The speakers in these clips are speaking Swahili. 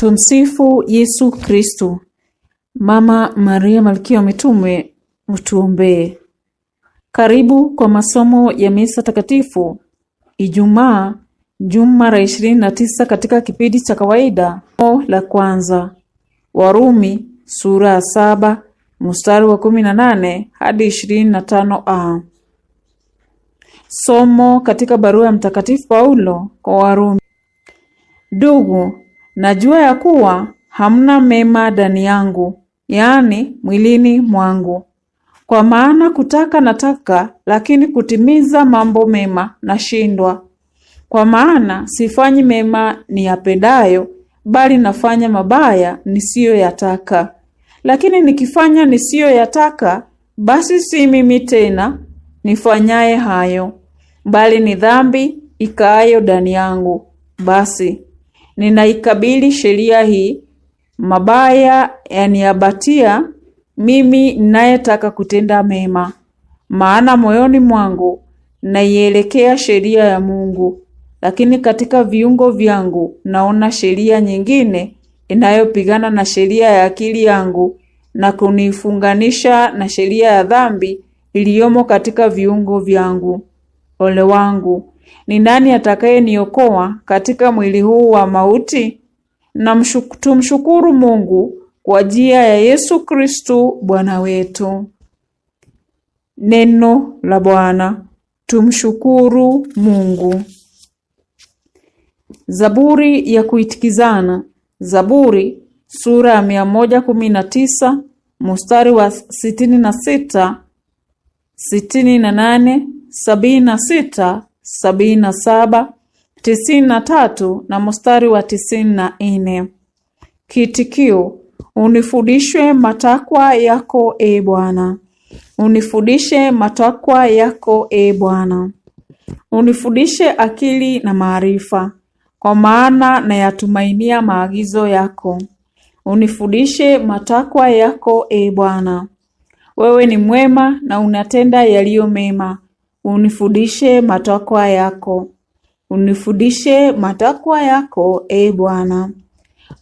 Tumsifu Yesu Kristu. Mama Maria Malkia wa Mitume, mtuombee. Karibu kwa masomo ya misa takatifu Ijumaa, juma la ishirini na tisa katika kipindi cha kawaida. Somo la kwanza, Warumi sura ya saba mstari wa kumi na nane hadi ishirini na tano a. Somo katika barua ya Mtakatifu Paulo kwa Warumi. Ndugu, Najua ya kuwa hamna mema ndani yangu, yaani mwilini mwangu. Kwa maana kutaka nataka, lakini kutimiza mambo mema nashindwa. Kwa maana sifanyi mema yapendayo, bali nafanya mabaya nisiyoyataka. Lakini nikifanya nisiyoyataka, basi si mimi tena nifanyaye hayo, bali ni dhambi ikaayo ndani yangu. Basi ninaikabili sheria hii, mabaya yaniabatia mimi ninayetaka kutenda mema, maana moyoni mwangu naielekea sheria ya Mungu, lakini katika viungo vyangu naona sheria nyingine inayopigana na sheria ya akili yangu na kunifunganisha na sheria ya dhambi iliyomo katika viungo vyangu. Ole wangu ni nani atakayeniokoa katika mwili huu wa mauti? Na tumshukuru Mungu kwa njia ya Yesu Kristu Bwana wetu. Neno la Bwana. Tumshukuru Mungu. Zaburi ya kuitikizana. Zaburi sura ya mia moja kumi na tisa mstari wa sitini na sita sitini na nane sabini na sita sabini na saba tisini na tatu na mstari wa tisini na nne. Kitikio: unifundishe matakwa yako e Bwana, unifundishe matakwa yako e Bwana, unifundishe akili na maarifa, kwa maana nayatumainia maagizo yako. Unifundishe matakwa yako e Bwana. Wewe ni mwema na unatenda yaliyo mema, Unifundishe matakwa yako, unifundishe matakwa yako, e Bwana.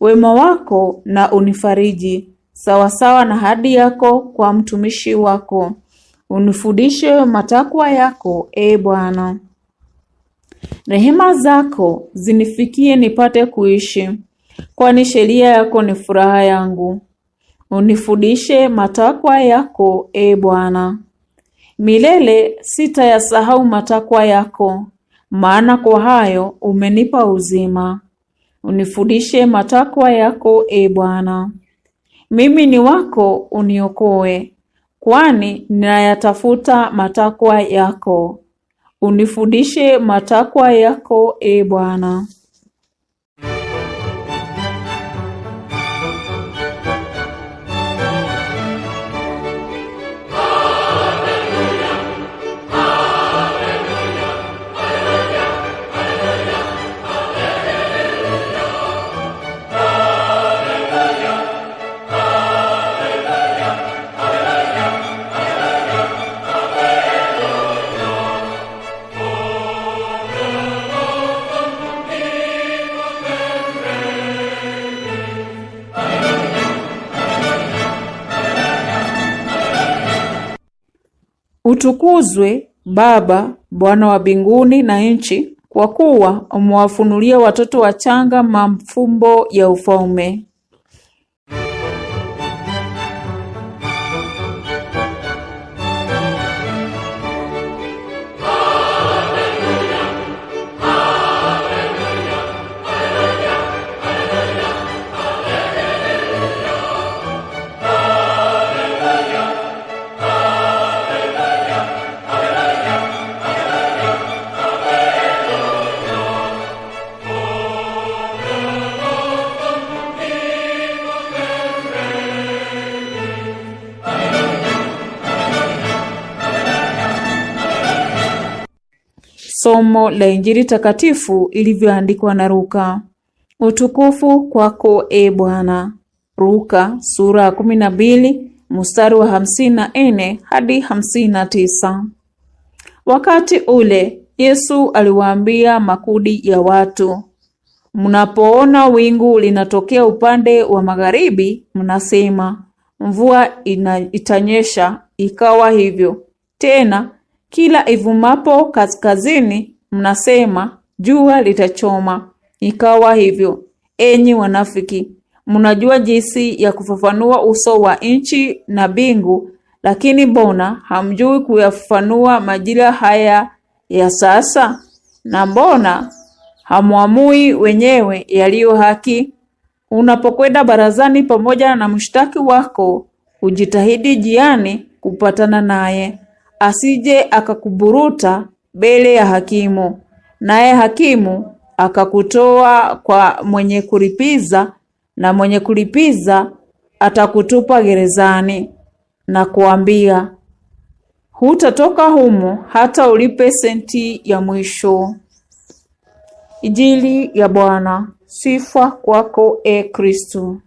Wema wako na unifariji sawasawa na hadi yako kwa mtumishi wako. Unifundishe matakwa yako, e Bwana. Rehema zako zinifikie nipate kuishi, kwani sheria yako ni furaha yangu. Unifundishe matakwa yako, e Bwana milele sitayasahau matakwa yako, maana kwa hayo umenipa uzima. Unifundishe matakwa yako, e Bwana. Mimi ni wako, uniokoe, kwani ninayatafuta matakwa yako. Unifundishe matakwa yako, e Bwana. Utukuzwe Baba, Bwana wa mbinguni na nchi, kwa kuwa umewafunulia watoto wachanga mafumbo ya ufalme Somo la Injili takatifu ilivyoandikwa na Luka. Utukufu kwako e Bwana. Luka sura ya kumi na mbili mstari wa hamsini na nne hadi hamsini na tisa. Wakati ule Yesu aliwaambia makundi ya watu, mnapoona wingu linatokea upande wa magharibi, mnasema mvua ina, itanyesha. Ikawa hivyo. Tena kila ivumapo kaskazini, mnasema jua litachoma. Ikawa hivyo, enyi wanafiki, mnajua jinsi ya kufafanua uso wa nchi na bingu lakini mbona hamjui kuyafafanua majira haya ya sasa? Na mbona hamwamui wenyewe yaliyo haki? Unapokwenda barazani pamoja na mshtaki wako, ujitahidi jiani kupatana naye asije akakuburuta mbele ya hakimu, naye hakimu akakutoa kwa mwenye kulipiza, na mwenye kulipiza atakutupa gerezani na kuambia, hutatoka humo hata ulipe senti ya mwisho. Injili ya Bwana. Sifa kwako, e Kristo.